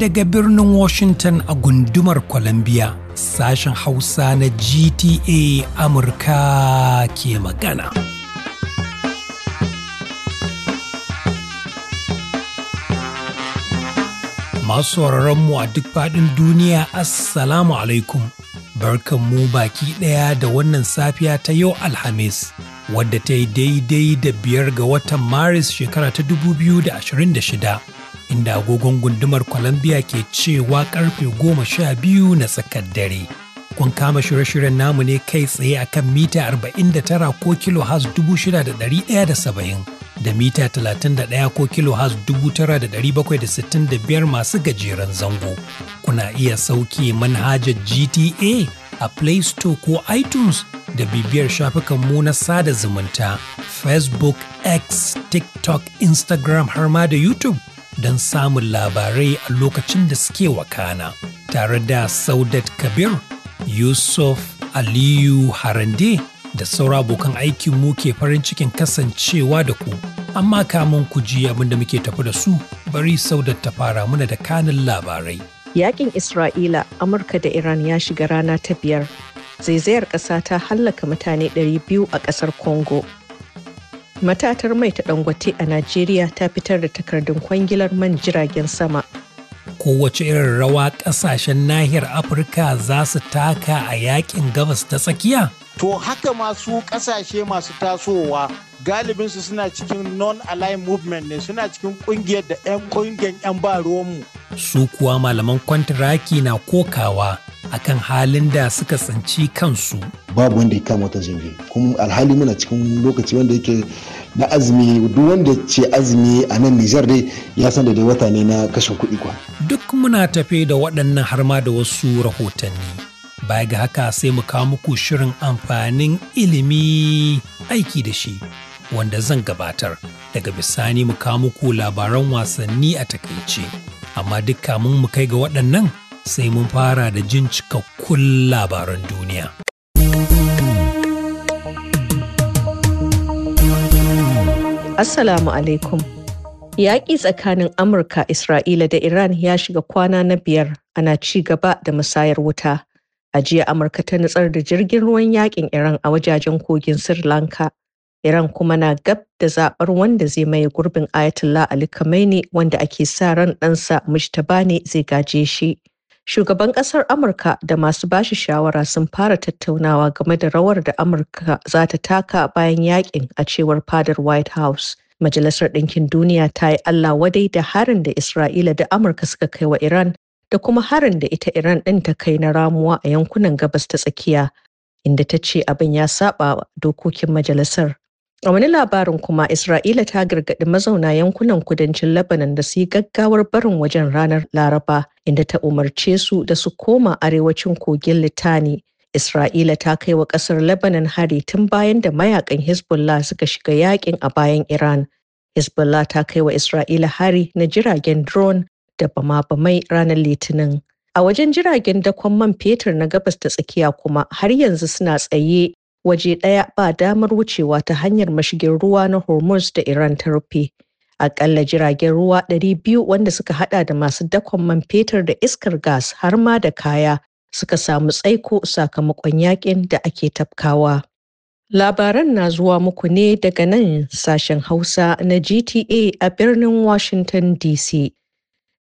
Daga birnin Washington a gundumar Columbia, sashen Hausa na GTA Amurka ke magana. Masu mu a duk faɗin duniya, Assalamu alaikum, barkan mu baki ɗaya da wannan safiya ta yau Alhamis. wadda ta yi daidai da biyar ga watan maris shekara ta 2026 inda agogon gundumar columbia ke cewa karfe 12 na tsakar dare kun kama shirye-shiryen namu ne kai tsaye a kan mita 49 ko kilo has 6,170 da mita 31 ko kilo has 9,765 masu gajeren zango kuna iya sauke manhajar gta a play store ko itunes da bibiyar shafukanmu na sada zumunta Facebook, X, TikTok, Instagram har ma da YouTube don samun labarai a lokacin da suke wakana. Tare da Saudat Kabir, Yusuf Aliyu Harande da saura abokan aikin mu ke farin cikin kasancewa da ku. Amma kamun ku ji abin muke tafi da su, bari Saudat ta fara muna da kanin labarai. Yaƙin Isra'ila, Amurka da Iran ya shiga rana ta biyar. zaizayar ƙasa ta hallaka mutane 200 a ƙasar congo matatar mai ta dangote a najeriya ta fitar da takardun kwangilar man jiragen sama kowace irin rawa ƙasashen nahiyar afirka za su taka a yakin gabas ta tsakiya to haka masu ƙasashe masu tasowa galibinsu suna cikin non-aligned movement ne suna cikin kungiyar da 'yan kungiyar 'yan ba mu. Su kuwa malaman kwantiraki na kokawa akan halin da suka tsanci kansu. Babu wanda ya kama wata zobe, kuma alhali muna cikin lokaci wanda yake na azumi duk wanda ce azumi a nan Nijar dai ya san da wata ne na kashin kuɗi kwa. Duk muna tafe da waɗannan har ma da wasu rahotanni. Baya ga haka sai mu kawo muku shirin amfanin ilimi aiki da shi. wanda zan gabatar daga bisani mu kawo muku labaran wasanni a takaice amma duk kamun mu kai ga waɗannan sai mun fara da jin cikakkun labaran duniya assalamu alaikum yaƙi tsakanin amurka isra'ila da iran ya shiga kwana na biyar ana ci gaba da musayar wuta a jiya amurka ta nutsar da jirgin ruwan yaƙin iran a wajajen kogin sri lanka Iran kuma na gab da zaɓar wanda zai maye gurbin Ayatollah Ali Khamenei wanda ake sa ran ɗansa Mujtaba ne zai gaje shi. Shugaban ƙasar Amurka da masu bashi shawara sun fara tattaunawa game da rawar da Amurka za ta taka bayan yakin a cewar fadar White House. Majalisar Ɗinkin Duniya ta yi Allah wadai da harin da Isra'ila da Amurka suka kai wa Iran da kuma harin da ita Iran ɗin ta kai na ramuwa a yankunan gabas ta tsakiya, inda ta ce abin ya saba dokokin majalisar. A wani labarin kuma Isra'ila ta gargaɗi mazauna yankunan kudancin Lebanon da su yi gaggawar barin wajen ranar Laraba inda ta umarce su da su koma arewacin kogin Litani. Isra'ila ta kai wa ƙasar Lebanon hari tun bayan da mayakan Hezbollah suka shiga yakin a bayan Iran. Hezbollah ta kai wa Isra'ila hari na jiragen drone da bama-bamai ranar Litinin. A wajen jiragen dakon man fetur na gabas da tsakiya kuma har yanzu suna tsaye waje ɗaya ba damar wucewa ta hanyar mashigin ruwa na hormuz da iran ta rufe aƙalla jiragen ruwa 200 wanda suka haɗa da masu dakon man fetur da iskar gas har ma da kaya suka samu tsaiko sakamakon yakin da ake tafkawa labaran na zuwa muku ne daga nan sashen hausa na gta a birnin washington dc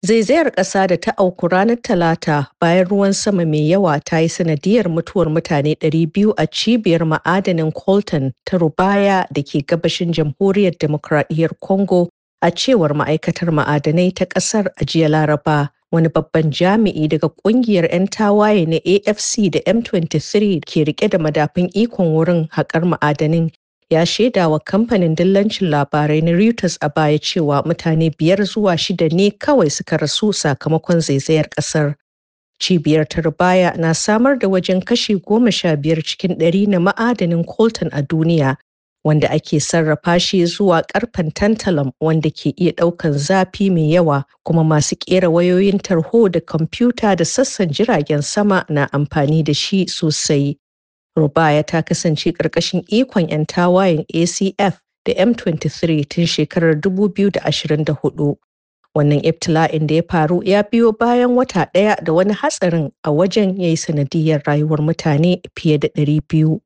Zaizayar ƙasa da ta auku ranar Talata bayan ruwan sama mai yawa ta yi sanadiyar mutuwar mutane 200 a cibiyar ma'adanin Colton ta Rubaya da ke gabashin Jamhuriyar Demokradiyyar Congo a cewar ma'aikatar ma'adanai ta ƙasar a jiya Laraba. Wani babban jami'i daga ƙungiyar 'yan tawaye na AFC da M23 ke rike da madafun ikon wurin haƙar ma'adanin ya shaida wa kamfanin dillancin labarai na Reuters a baya cewa mutane biyar zuwa shida ne kawai suka rasu sakamakon zaizayar ƙasar. Cibiyar Tarbaya na samar da wajen kashi goma sha biyar cikin ɗari na ma'adanin coltan a duniya, wanda ake sarrafa shi zuwa ƙarfen tantalum wanda ke iya ɗaukan zafi mai yawa kuma masu ƙera wayoyin tarho da kwamfuta da sassan jiragen sama na amfani da shi sosai. Rubaya ta kasance ƙarƙashin ikon 'yan tawayen ACF da M23 tun shekarar 2024. Wannan ibtila'in da ya faru ya biyo bayan wata ɗaya da wani hatsarin a wajen ya yi sanadiyar rayuwar mutane fiye da 200.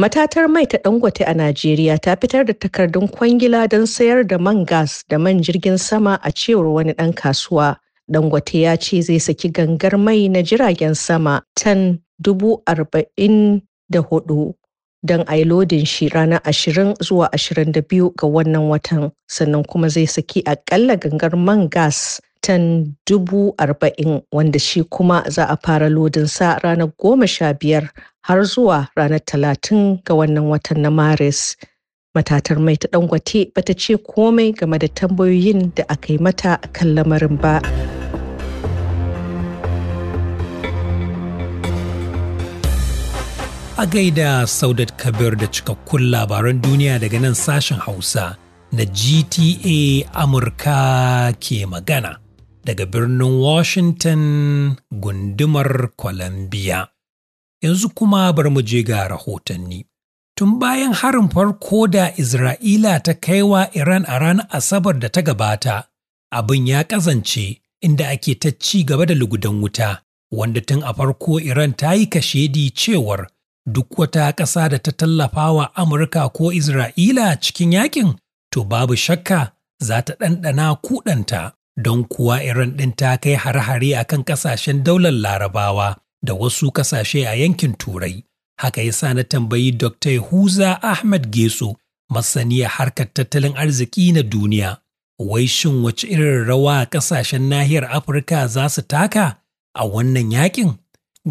Matatar mai ta Dangote a Najeriya ta fitar da takardun kwangila don sayar da man gas da man jirgin sama a cewar wani ɗan kasuwa. Dangote ya ce zai saki gangar mai na jiragen sama tan dubu arba'in da hudu don a yi lodin shi ranar ashirin zuwa ashirin da biyu ga wannan watan sannan kuma zai saki akalla gangar man gas tan dubu arba'in wanda shi kuma za a fara lodin sa ranar goma sha biyar har zuwa ranar talatin ga wannan watan na maris matatar mai ta dangote bata ce komai game da tambayoyin da aka yi mata kan lamarin ba. A gaida Saudat Kabir da cikakkun labaran duniya daga nan sashen Hausa na GTA Amurka ke magana daga birnin Washington gundumar Columbia. Yanzu kuma bar mu je ga rahotanni. Tun bayan harin farko da Isra'ila ta kaiwa Iran a ranar Asabar da ta gabata, abin ya kazance inda ake ta ci gaba da lugudan wuta, wanda tun a farko Iran ta yi kashedi cewar duk wata ƙasa da ta tallafa wa Amurka ko Isra'ila cikin yakin, to babu shakka za ta ɗanɗana kuɗanta don kuwa Iran ɗin ta kai hare-hare a kan ƙasashen daular larabawa da wasu ƙasashe a yankin Turai. Haka ya sa na tambayi Dr. Huza Ahmed Geso, masaniya harkar tattalin arziki na duniya. Wai shin wace irin rawa ƙasashen nahiyar Afirka za su taka a wannan yakin?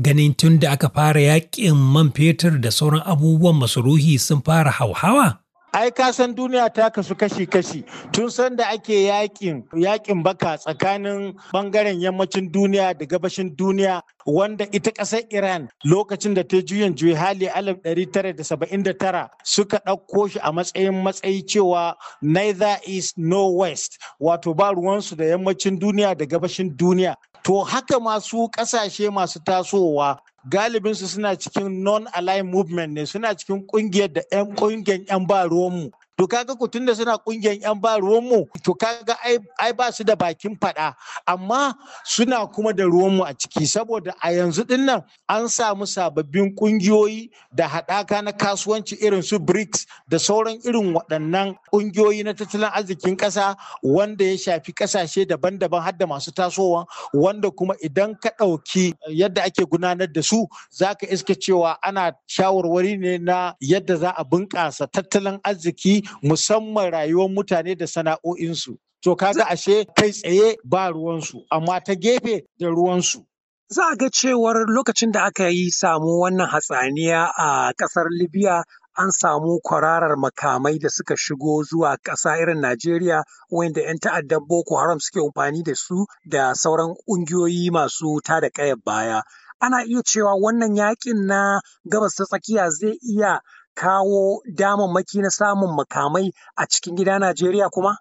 ganin tun da aka fara yaƙin man fetur da sauran abubuwan ruhi sun fara hauhawa ai ka san duniya ta kasu kashi-kashi tun sanda ake yakin baka tsakanin bangaren yammacin duniya da gabashin duniya wanda ita ƙasar iran lokacin da ta juyin juyi hali 1979 suka ɗauko shi a matsayin matsayi cewa neither is no west wato ba ruwansu da yammacin duniya da gabashin duniya to haka masu ƙasashe masu tasowa galibinsu suna cikin non-aligned movement ne suna cikin kungiyar da 'yan kungiyar 'yan ba mu to kaga ku tunda suna kungiyar yan ba ruwanmu to kaga ai ba su da bakin faɗa amma suna kuma da ruwan mu a ciki saboda a yanzu din nan an samu sababbin kungiyoyi da haɗaka na kasuwanci irin su BRICS da sauran irin waɗannan kungiyoyi na tattalin arzikin ƙasa wanda ya shafi ƙasashe daban-daban har da masu tasowa wanda kuma idan ka ɗauki yadda ake gudanar da su zaka ka iska cewa ana shawarwari ne na yadda za a bunƙasa tattalin arziki musamman rayuwar mutane da sana'o'insu. To kaga ashe kai tsaye ba ruwansu, amma ta gefe da ruwansu. Za a ga cewar lokacin da aka yi samu wannan hatsaniya a ƙasar Libya an samu kwararar makamai da suka shigo zuwa ƙasa irin Najeriya wanda 'yan ta'addan Boko Haram suke amfani da su da sauran ƙungiyoyi masu tada ƙayar baya. Ana iya cewa wannan yaƙin na gabas ta tsakiya zai iya kawo damammaki na samun makamai a cikin gida Najeriya kuma?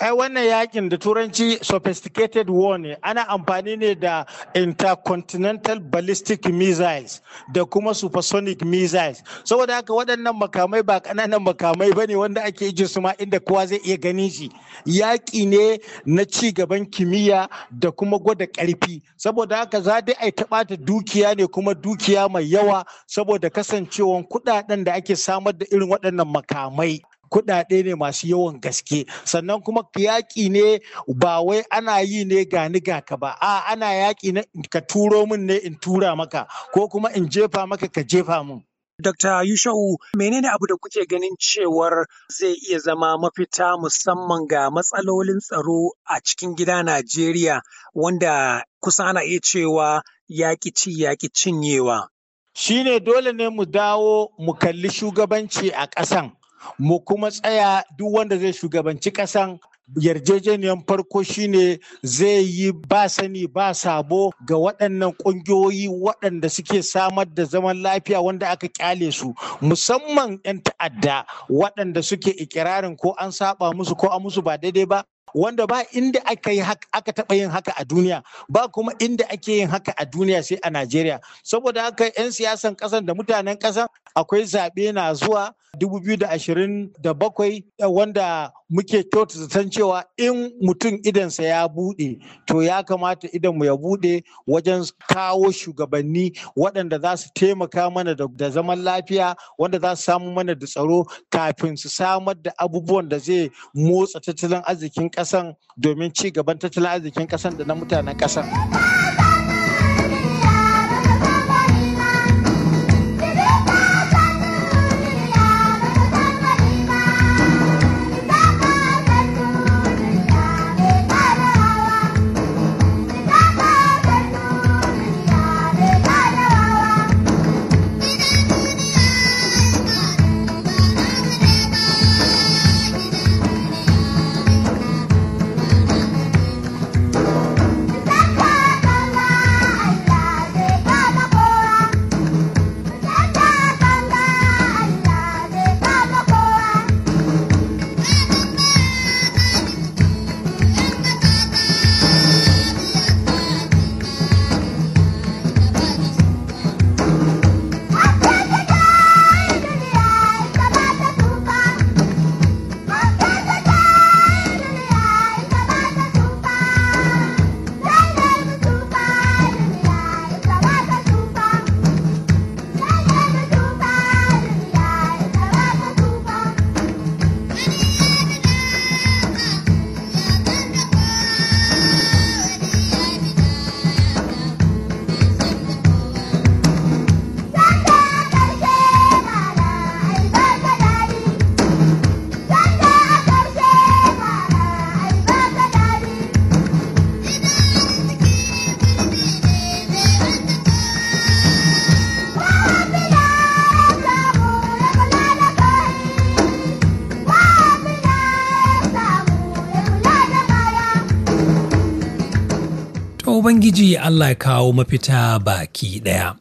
Ai wannan yakin da turanci sophisticated war ne ana amfani ne da intercontinental ballistic missiles da kuma supersonic missiles saboda haka waɗannan makamai ba ƙananan makamai ba ne wanda ake ije su ma inda kowa zai iya gani shi yaƙi ne na ci gaban kimiyya da kuma gwada ƙarfi saboda haka za dai ai ta dukiya ne kuma dukiya mai yawa saboda kasancewan kuɗaɗen da ake samar da irin waɗannan makamai kuɗaɗe ne masu yawan gaske sannan kuma yaƙi ne ba wai ana yi ne ga ni ba a ana yaƙi ne, ka turo min ne in tura maka ko kuma in jefa maka ka jefa mun Dr. Yushau, menene abu da kuke ganin cewar zai iya zama mafita musamman ga matsalolin tsaro a cikin gida Najeriya wanda kusa ana iya cewa yaƙi ci yaƙi cinyewa? Shi ne dole ne mu dawo mu kalli shugabanci a ƙasan. mu kuma tsaya duk wanda zai shugabanci ƙasan yarjejeniyar farko shine zai yi ba sani ba sabo ga waɗannan ƙungiyoyi waɗanda suke samar da zaman lafiya wanda aka ƙyale su musamman 'yan ta'adda waɗanda suke ikirarin ko an saba musu ko an musu ba daidai ba wanda ba inda aka yi aka taɓa yin haka a duniya ba kuma inda ake yin haka a duniya sai a Najeriya saboda haka 'yan siyasan kasan da mutanen kasan, akwai zaɓe na zuwa 2027 eh, wanda muke su san cewa in mutum idansa ya buɗe to ya kamata idanmu ya buɗe wajen kawo shugabanni waɗanda za su taimaka mana da zaman lafiya wanda za su samu mana da tsaro kafin su samar da abubuwan da zai motsa tattalin arzikin ƙasan domin ci gaban tattalin arzikin ƙasan da na mutanen ƙasan. Ubangiji Allah ya kawo mafita baki ɗaya.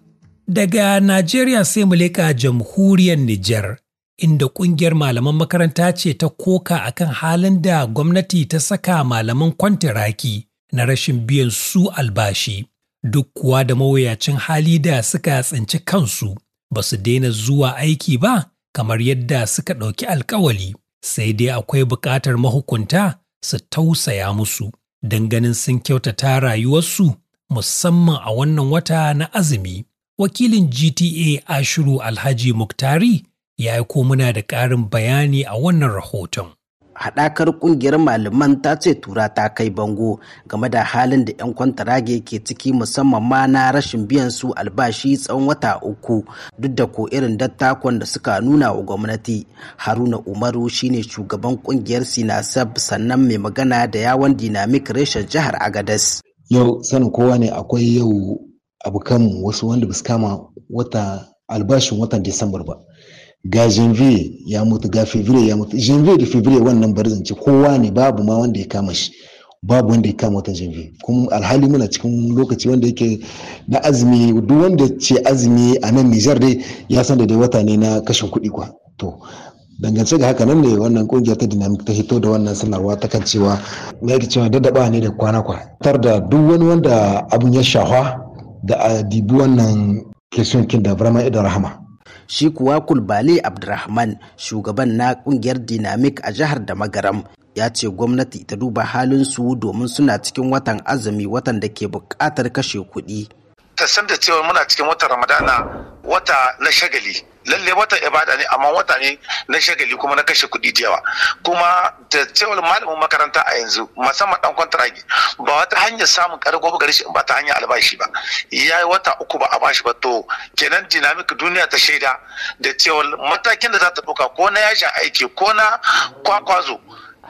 Daga Najeriya sai mu leƙa jamhuriyar Nijar, inda ƙungiyar malaman makaranta ce ta koka akan halin da gwamnati ta saka malaman kwantiraki na rashin biyan su albashi. Duk kuwa da mawuyacin hali da suka tsinci kansu ba su daina zuwa aiki ba kamar yadda suka ɗauki alkawali, sai dai akwai buƙatar mahukunta su tausaya musu. don ganin sun kyautata rayuwarsu musamman a wannan wata na azumi. Wakilin GTA Ashiru Alhaji Muktari ya yi komuna da ƙarin bayani a wannan rahoton. haɗakar ƙungiyar malaman ta ce tura ta kai bango game da halin da 'yan kwantarage ke ciki musamman ma na rashin biyan su albashi tsawon wata uku duk da ko irin dattakon da suka nuna wa gwamnati haruna umaru shine shugaban ƙungiyar sinasab sannan mai magana da yawon dinamik reshen jihar agadas yau sanin kowa ne akwai yau kan wasu wanda ba su kama wata albashin watan disambar ba ga janvier ya mutu ga fevrier ya mutu janvier da fevrier wannan bari zance kowa ne babu ma wanda ya kama shi babu wanda ya kama watan janvier kuma alhali muna cikin lokaci wanda yake na azumi duk wanda ce azumi a nan nijar dai ya san da dai wata ne na kashin kuɗi kwa to dangance ga haka nan ne wannan kungiyar ta dinamik ta hito da wannan sanarwa ta kan cewa na yake cewa daddaba ne da kwana kwana tar da duk wani wanda abun ya shahwa da a dibi wannan kesun kin da barama idan rahama shi kuwa kulbali abdurrahman shugaban na kungiyar Dinamik a jihar da magaram ya ce gwamnati ta duba halin su domin suna cikin watan azumi watan da ke buƙatar kashe kuɗi. ta san da cewa muna cikin watan ramadana wata na shagali lalle watan ibada ne amma wata ne na shagali kuma na kashe kuɗi da yawa kuma da cewar malamin makaranta a yanzu musamman dan kwantaragi ba wata hanyar samun karko ba shi ba ta hanyar albashi ba ya yi wata uku ba a bashi ba to kenan dinamik duniya ta shaida da cewar matakin da za ta ɗauka ko na yajin aiki ko na kwakwazo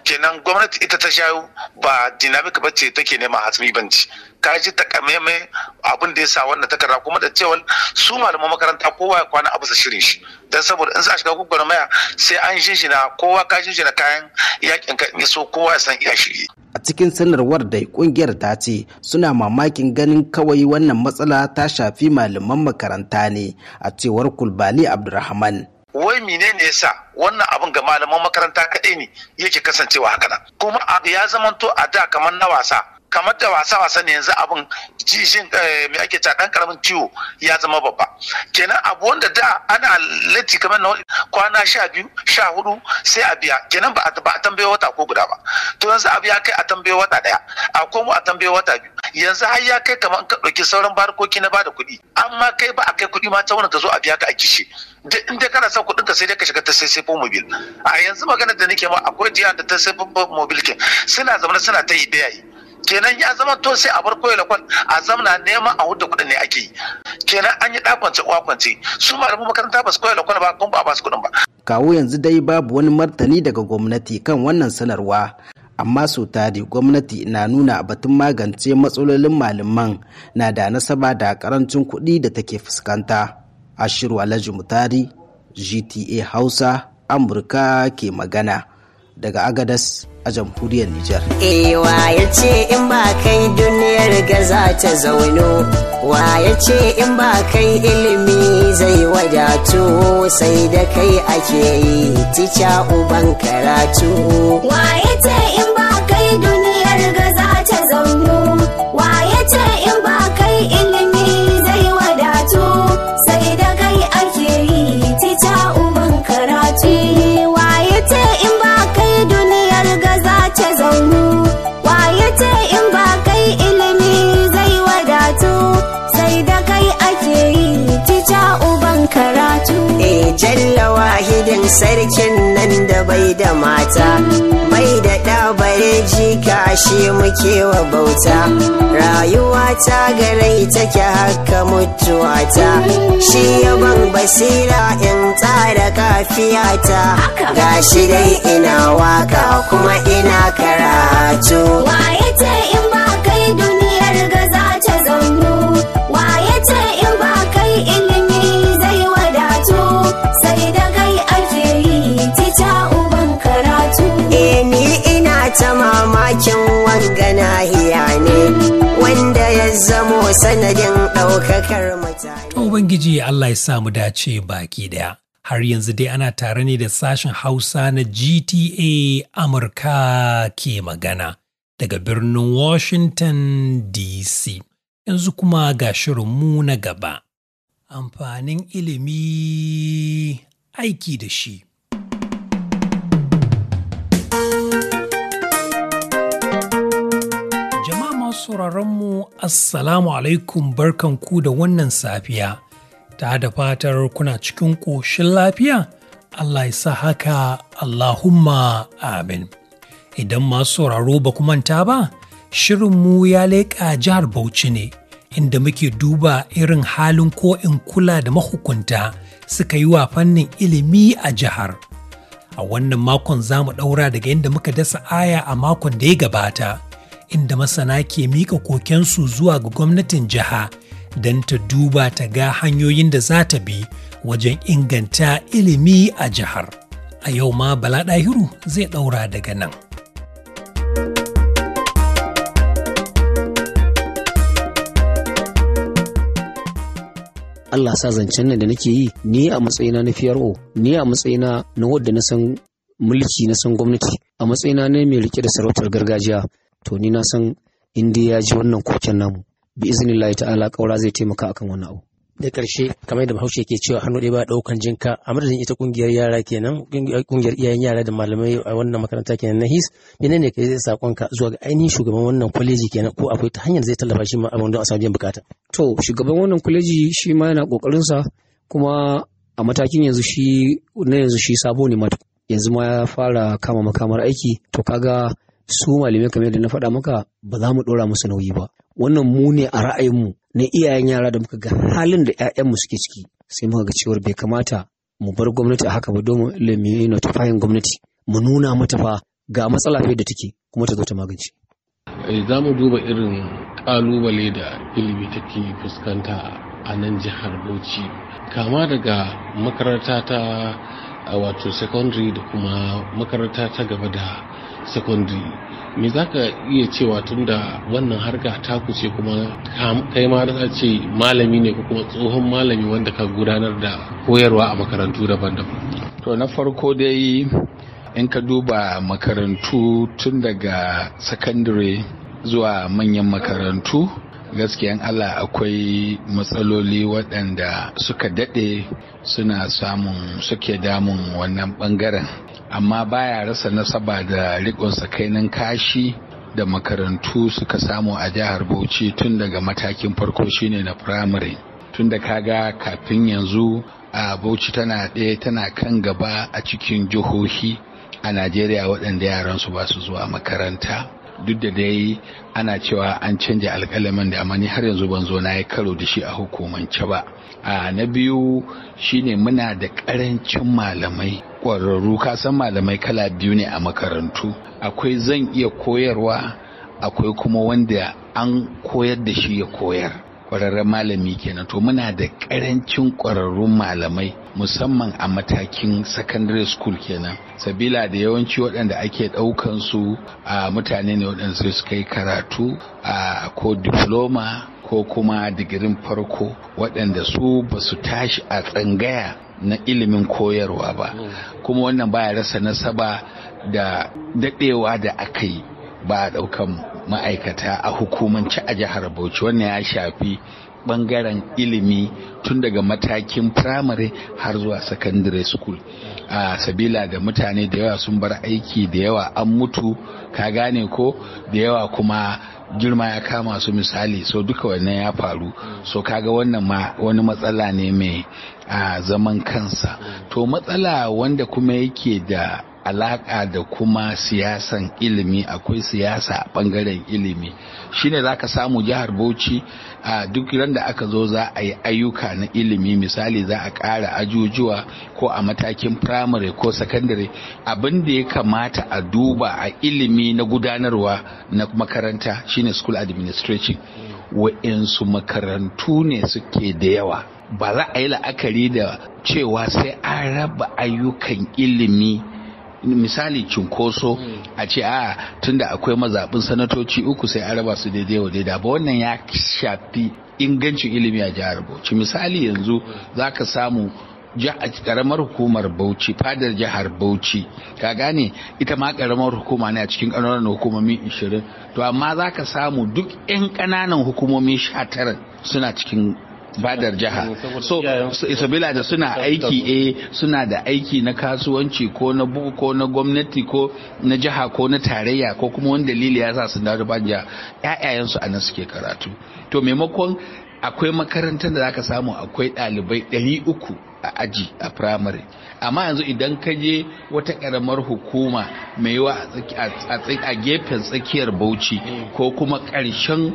kenan gwamnati ita ta shayo ba dinamika ba ce take nema hasmi banci ka ji takamaimai abin da ya sa wannan takarda kuma da cewa su malaman makaranta kowa ya kwana abu shirin shi dan saboda in za a shiga maya sai an shinshina kowa ka shinshina kayan yakin ka so kowa ya san iya shirye a cikin sanarwar da kungiyar ta ce suna mamakin ganin kawai wannan matsala ta shafi malaman makaranta ne a cewar kulbali abdurrahman wai menene yasa wannan abin ga malaman makaranta kaɗai ne yake kasancewa haka nan kuma ya zamanto a da kamar na wasa kamar da wasa wasa ne yanzu abin jijin eh, mai ake ta dan karamin ciwo ya zama babba kenan abu wanda da ana latti kamar na kwana sha biyu sha hudu sai a biya kenan ba a tambaye wata ko guda ba to yanzu abu ya kai a tambaye wata daya a komo a tambaye wata biyu yanzu har ya kai kamar ka ɗauki sauran barkoki na bada kuɗi amma kai ba a kai kuɗi ma ta wani ta zo a biya ka a gishi in dai kana son kuɗin ka sai dai ka shiga ta sai sai mobil a yanzu maganar da nake ma akwai jiya da ta sai mobil ke suna zama suna ta yi da kenan ya zama to sai a bar koyi lakon a zamna nema a hudu kuɗin ne ake yi kenan an yi ɗakwance kwance su ma malamin makaranta ba su koyi lakon ba kun ba ba su kuɗin ba kawo yanzu dai babu wani martani daga gwamnati kan wannan sanarwa amma sau tari gwamnati na nuna batun magance matsalolin malaman na da nasaba da karancin kuɗi da take fuskanta ashiru alhaji mutari gta hausa amurka ke magana daga agadas a jamhuriyar nijar ewa eh, ya ce in ba kai duniyar gaza ta zauno wa ya ce in ba kai ilimi zai wadatu sai da kai ake yi tica uban karatu sarkin nan da bai da mata bai da ɗabare jika shi muke wa bauta rayuwa ta garai take haka mutuwata, ta shi yaban basira in tsara kafiyata ga shi dai ina waka kuma ina karatu waye ce in ba kai duniyar ga za ta sanadin ɗaukakar mutane. To Ubangiji Allah ya samu dace baki ɗaya. Har yanzu dai ana tare ne da sashen Hausa na GTA Amurka ke magana daga birnin Washington DC. Yanzu kuma ga mu na gaba. Amfanin ilimi aiki da shi. Masu mu Assalamu alaikum barkanku da wannan safiya, ta da fatar kuna cikin ƙoshin lafiya, Allah ya sa haka Allahumma amin. Idan masu sauraro ba ku manta ba, shirinmu ya leƙa jihar Bauchi ne, inda muke duba irin halin ko in kula da mahukunta suka yi wa fannin ilimi a jihar. A wannan makon za mu ɗaura daga inda muka dasa aya a makon da ya gabata. inda masana ke mika kokensu zuwa ga gwamnatin jiha don ta duba ta ga hanyoyin da za ta bi wajen inganta ilimi a jihar. A yau ma Bala Ɗahiru zai ɗaura daga nan. Allah sa zancen nan da nake yi ni a matsayina na PRO ni a matsayina na wadda na san mulki na san gwamnati a matsayina ne mai rike da sarautar gargajiya to ni na san in dai ya ji wannan koken namu bi iznillahi ta'ala kaura zai taimaka akan wannan abu da karshe kamar da bahaushe ke cewa hannu ɗaya ba ɗaukan jinka a madadin ita ƙungiyar yara kenan kungiyar iyayen yara da malamai a wannan makaranta kenan na his menene ka zai sakonka zuwa ga ainihin shugaban wannan kwaleji kenan ko akwai ta hanyar zai tallafa shi ma abin don a samu biyan bukata. to shugaban wannan kwaleji shi ma yana sa kuma a matakin yanzu shi na yanzu shi sabo ne mata yanzu ma ya fara kama makamar aiki to kaga su malamai kamar yadda na faɗa maka ba za mu ɗora musu nauyi ba wannan mu ne a ra'ayinmu na iyayen yara da muka ga halin da 'ya'yanmu suke ciki sai muka ga cewar bai kamata mu bar gwamnati a haka ba domin ilimi tufayin gwamnati mu nuna mata fa ga matsala fiye da take kuma ta zo ta magance. Eh, za mu duba irin ƙalubale da ilimi take fuskanta a nan jihar bauchi kama daga makaranta ta wato secondary da kuma makaranta ta gaba da secondary me za ka iya cewa tun da wannan harka ta kuce kuma kai ma da ce malami ne ko kuma tsohon malami wanda ka gudanar da koyarwa a makarantu daban-daban to na farko dai in ka duba makarantu tun daga secondary zuwa manyan makarantu gaskiyan Allah akwai matsaloli waɗanda suka daɗe suna samun suke damun wannan ɓangaren amma baya rasa nasaba da rikon tsakanin kashi da makarantu suka samu a jihar bauchi tun daga matakin farko shine na firamare tun da kaga kafin yanzu a bauchi tana ɗaya tana kan gaba a cikin jihohi a najeriya waɗanda yaran su ba su zuwa makaranta duk da dai ana cewa an canja alƙalamin da amma ni har yanzu ban zo na yi karo da shi a hukumance ba a na biyu shine muna da ƙarancin malamai ƙwararru kasan malamai kala biyu ne a makarantu akwai zan iya koyarwa akwai kuma wanda an koyar da shi ya koyar kwararren malami kenan to muna da karancin kwararrun malamai musamman a matakin secondary school kenan sabila da yawanci waɗanda ake ɗaukan su a mutane ne waɗanda sai su kai karatu a ko diploma ko kuma digirin farko waɗanda su ba su tashi a tsangaya na ilimin koyarwa ba hmm. kuma wannan baya rasa nasaba da daɗewa da aka yi ba a ɗaukan ma'aikata a hukumance a jihar bauchi wannan ya shafi ɓangaren ilimi tun daga matakin firamare har zuwa secondary school a sabila da mutane da yawa sun bar aiki da yawa an mutu ka gane ko da yawa kuma girma ya kama su misali so duka wannan ya faru so kaga wannan ma wani matsala ne mai a zaman kansa to matsala wanda kuma yake da alaka da kuma siyasan ilimi akwai siyasa a bangaren ilimi shine zaka samu jihar Bauchi a duk da aka zo za a yi ayyuka na ilimi misali za a ƙara ajujuwa ko a matakin firamare ko sakandare abin da ya kamata a duba a ilimi na gudanarwa na makaranta shine school administration wa'insu makarantu ne suke da yawa ba za a yi la'akari da cewa sai an raba ayyukan ilimi misali cunkoso mm. a ce a ah, tunda akwai mazaɓin sanatoci uku sai araba raba su daidai wa daidai ba wannan ya shafi ingancin ilimi a jihar Bauchi misali yanzu za ka samu a karamar hukumar Bauchi fadar jihar Bauchi ka gane ita ma karamar hukuma ne a cikin ƙananan hukumomi 20 to amma za ka samu duk 'yan ƙananan hukumomi tara suna cikin Badar jiha so sabila da suna aiki eh suna da aiki na kasuwanci ko na buku ko na gwamnati ko na jiha ko na tarayya ko kuma wani dalili ya sa su dawo ban jiha ƴaƴayensu a nan suke karatu to maimakon akwai makarantar da zaka samu akwai ɗalibai ɗari uku a aji a firamare amma yanzu idan ka je wata karamar hukuma mai yiwa a gefen tsakiyar bauchi ko kuma karshen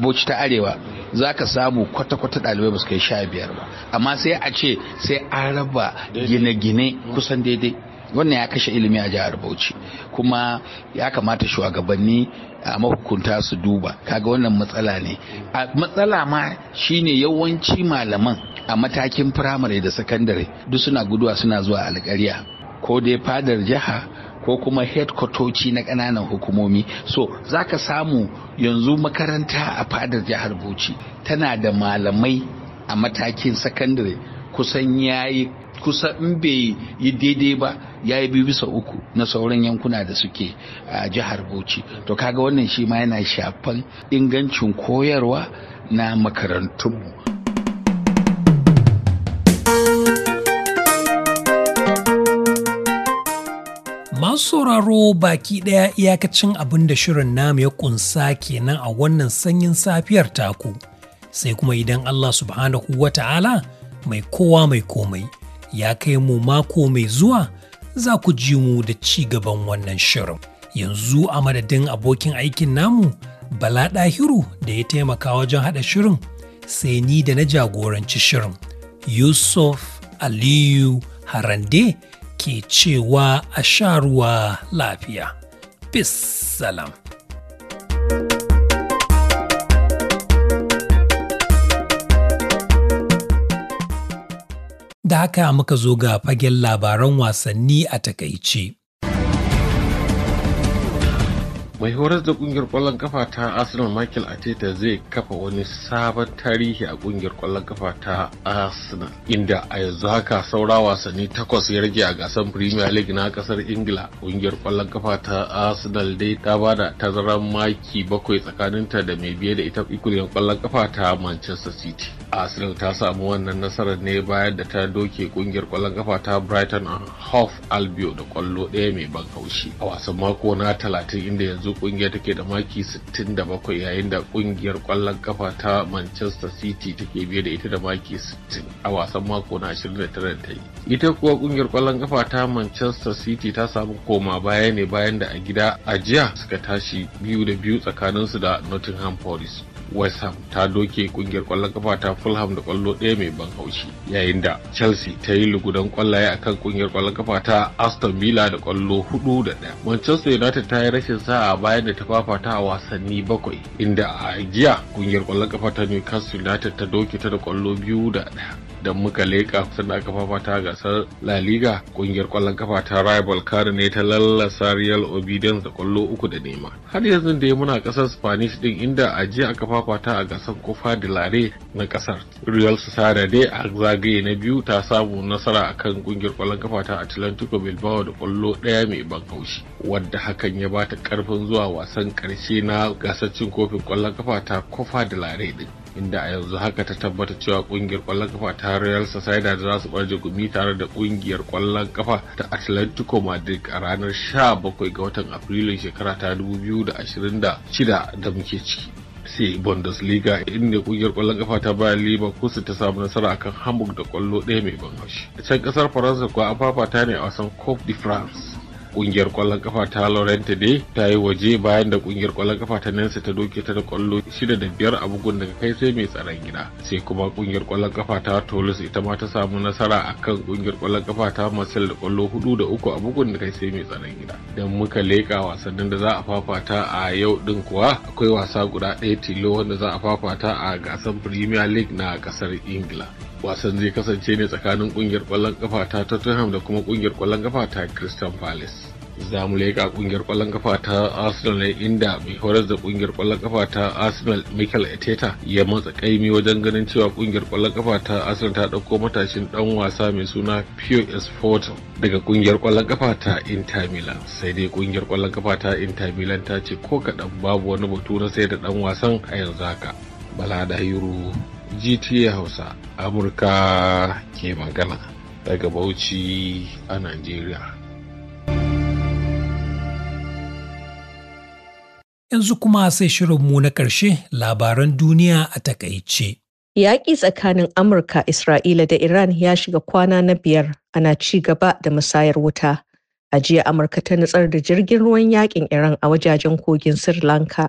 bauchi ta arewa za ka samu kwata-kwata ɗalibai ba su kai sha biyar ba amma sai a ce sai an raba gine-gine kusan daidai wannan ya kashe ilimi a jihar bauchi kuma ya kamata shugabanni A mahukunta su duba kaga wannan matsala ne a matsala ma shine yawanci malaman a matakin firamare da sakandare duk suna guduwa suna zuwa alƙarya ko dai fadar jiha ko kuma hedkwatoci na ƙananan hukumomi so za ka samu yanzu makaranta a fadar jihar bauchi tana da malamai a matakin sakandare kusan yayi kusa in bai yi daidai ba ya yi biyu bisa uku na sauran yankuna da suke a jihar bauchi to kaga wannan shi ma yana shafan ingancin koyarwa na makarantunmu Masu sauraro baki ɗaya iyakacin abin da shirin namu ya ƙunsa kenan a wannan sanyin safiyar taku, sai kuma idan Allah subhanahu wa ta'ala mai kowa mai komai ya kai mu mako mai zuwa za ku ji mu da ci gaban wannan shirin. Yanzu a madadin abokin aikin namu Bala Ɗahiru da ya taimaka wajen haɗa shirin sai ni da na jagoranci shirin. Yusuf Aliyu Harande ke cewa a sha ruwa lafiya. Peace salam. da haka muka zo ga fagen labaran wasanni a takaice. mai horar da kungiyar kwallon kafa ta arsenal michael ateta zai kafa wani sabon tarihi a kungiyar kwallon kafa ta arsenal inda a yanzu haka saura wasanni takwas ya rage a gasar premier league na kasar ingila kungiyar kwallon kafa ta arsenal dai ta bada tazarar maki bakwai tsakaninta da mai biye da ita kungiyar kwallon kafa ta manchester city arsenal ta samu wannan nasarar ne bayan da ta doke kungiyar kwallon kafa ta brighton and hove albion da kwallo ɗaya mai ban haushi a wasan mako na talatin inda yanzu yanzu kungiyar take da maki 67 yayin da kungiyar kwallon kafa ta Manchester City take biye da ita da maki 60 a wasan mako na 29 ta yi. Ita kuwa kungiyar kwallon kafa ta Manchester City ta samu koma baya ne bayan da a gida a jiya suka tashi biyu da biyu tsakaninsu da Nottingham Forest. west ham ta doke kungiyar kwallon kafa ta fulham da kwallo ɗaya mai ban haushi yayin da chelsea ta yi lugudan kwallaye akan kungiyar kwallon kafa ta aston villa da kwallo hudu da ɗaya manchester united ta yi rashin sa'a bayan da ta fafata a wasanni bakwai inda a jiya kungiyar kwallon kafa ta newcastle united ta doke ta da kwallo biyu da ɗaya idan muka leƙa kusan da aka fafata gasar La Liga kungiyar kwallon kafa ta Rival Kare ne ta lallasa Real Obedience da kwallo uku da nema. Har yanzu da muna ƙasar Spanish din inda a jiya aka fafata a gasar Copa del Rey na kasar. Real Sociedad a zagaye na biyu ta samu nasara akan kungiyar kwallon kafa ta Atlantico Bilbao da kwallo ɗaya mai ban haushi wadda hakan ya bata karfin zuwa wasan ƙarshe na gasar cin kofin kwallon kafa ta Copa del Rey din. inda a yanzu haka ta tabbata cewa kungiyar kwallon kafa ta Real Sociedad za su barje gumi tare da kungiyar kwallon kafa ta Atletico Madrid a ranar 17 ga watan Afrilun shekara ta 2026 da muke ciki. sai Bundesliga inda kungiyar kwallon kafa ta bayan Leverkusen ta samu nasara akan Hamburg da kwallo ɗaya mai ban haushi. A can kasar Faransa kuwa an fafata ne a wasan Coupe de France. kungiyar kwallon kafa ta Laurenti dai ta yi waje bayan da kungiyar kwallon kafa ta Nancy ta doke ta da kwallo shida da biyar a bugun daga kai sai mai tsaron gida sai kuma kungiyar kwallon kafa ta Toulouse ita ma ta samu nasara akan kungiyar kwallon kafa ta Marseille da kwallo hudu da uku a bugun daga kai sai mai tsaron gida dan muka leka wasannin da za a fafata a yau din kuwa akwai wasa guda ɗaya tilo wanda za a fafata a gasar Premier League na ƙasar Ingila wasan zai kasance ne tsakanin kungiyar kwallon kafa ta tottenham da kuma kungiyar kwallon kafa ta crystal palace za mu leƙa kungiyar kwallon kafa ta arsenal ne inda mai horar da kungiyar kwallon kafa ta arsenal michael eteta ya matsa kaimi wajen ganin cewa kungiyar kwallon kafa ta arsenal ta ɗauko matashin ɗan wasa mai suna pio esport daga kungiyar kwallon kafa ta inter milan sai dai kungiyar kwallon kafa ta inter milan ta ce ko kaɗan babu wani batu na sai da ɗan wasan a yanzu haka bala da GTA Hausa Amurka ke magana daga Bauchi a Najeriya. Yanzu kuma sai shirin mu na ƙarshe labaran duniya a takaice. Yaƙi tsakanin Amurka, Isra'ila da Iran ya shiga kwana na biyar ana ci gaba da musayar wuta. A jiya Amurka ta nutsar da jirgin ruwan yaƙin Iran a wajajen kogin Sri Lanka.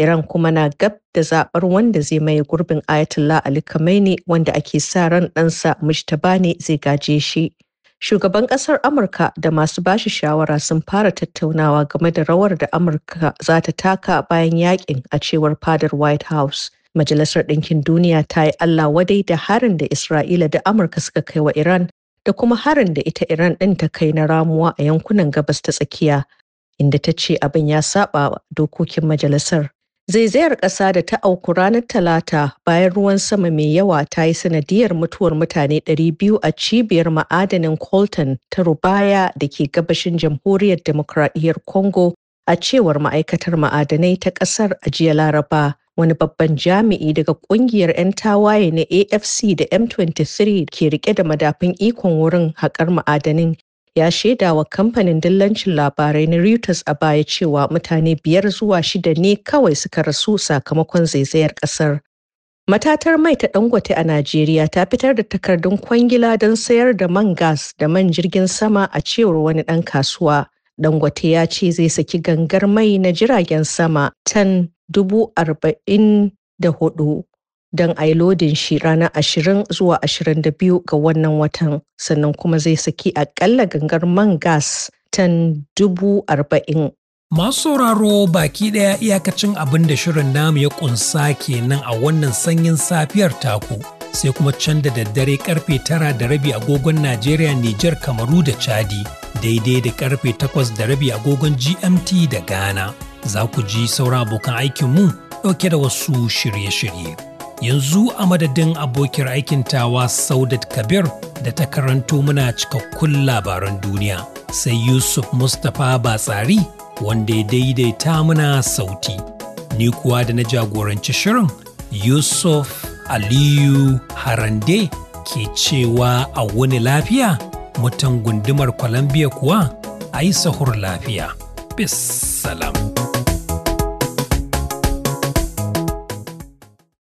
Iran kuma na gab da zaɓar wanda zai maye gurbin Ayatollah Ali Khamenei wanda ake sa ran ɗansa Mujtaba ne zai gaje shi. Shugaban ƙasar Amurka da masu bashi shawara sun fara tattaunawa game da rawar da Amurka za ta taka bayan yakin a cewar fadar White House. Majalisar Ɗinkin Duniya ta yi Allah wadai da harin da Isra'ila da Amurka suka kai wa Iran da kuma harin da ita Iran ɗin ta kai na ramuwa a yankunan gabas ta tsakiya, inda ta ce abin ya saba dokokin majalisar. Zaizayar ƙasa da ta auku ranar Talata bayan ruwan sama mai yawa ta yi sanadiyar mutuwar mutane 200 a cibiyar ma'adanin Colton ta Rubaya da ke gabashin Jamhuriyar Demokradiyyar Congo a cewar ma'aikatar ma'adanai ta ƙasar a jiya Laraba. Wani babban jami'i daga ƙungiyar 'yan tawaye na AFC da M23 ke rike da madafin ikon wurin haƙar ma'adanin ya shaida wa kamfanin dillancin labarai na Reuters a baya cewa mutane biyar zuwa shida ne kawai suka rasu sakamakon zaizayar ƙasar. Matatar mai ta Dangote a Najeriya ta fitar da takardun kwangila don sayar da man gas da man jirgin sama a cewar wani ɗan kasuwa. Dangote ya ce zai saki gangar mai na jiragen sama tan dubu don a yi lodin shi ranar 20 zuwa 22 ga wannan watan sannan kuma zai saki akalla gangar man gas tan dubu arba'in. Masu sauraro baki ɗaya iyakacin abin da shirin namu ya ƙunsa kenan a wannan sanyin safiyar taku. sai kuma can da daddare karfe tara da rabi agogon Najeriya, Nijar, Kamaru da Chadi, daidai da karfe takwas da rabi agogon GMT da Ghana. Za ku ji sauran abokan aikinmu ɗauke da wasu shirye-shirye. yanzu a madadin abokin aikin tawa Saudat Kabir da ta karanto muna cikakkun labaran duniya sai Yusuf Mustapha Batsari wanda ya daidaita muna sauti. Ni kuwa da na jagoranci shirin Yusuf Aliyu Harande ke cewa a wani lafiya mutan gundumar Columbia kuwa a yi sahur lafiya. Bis salam.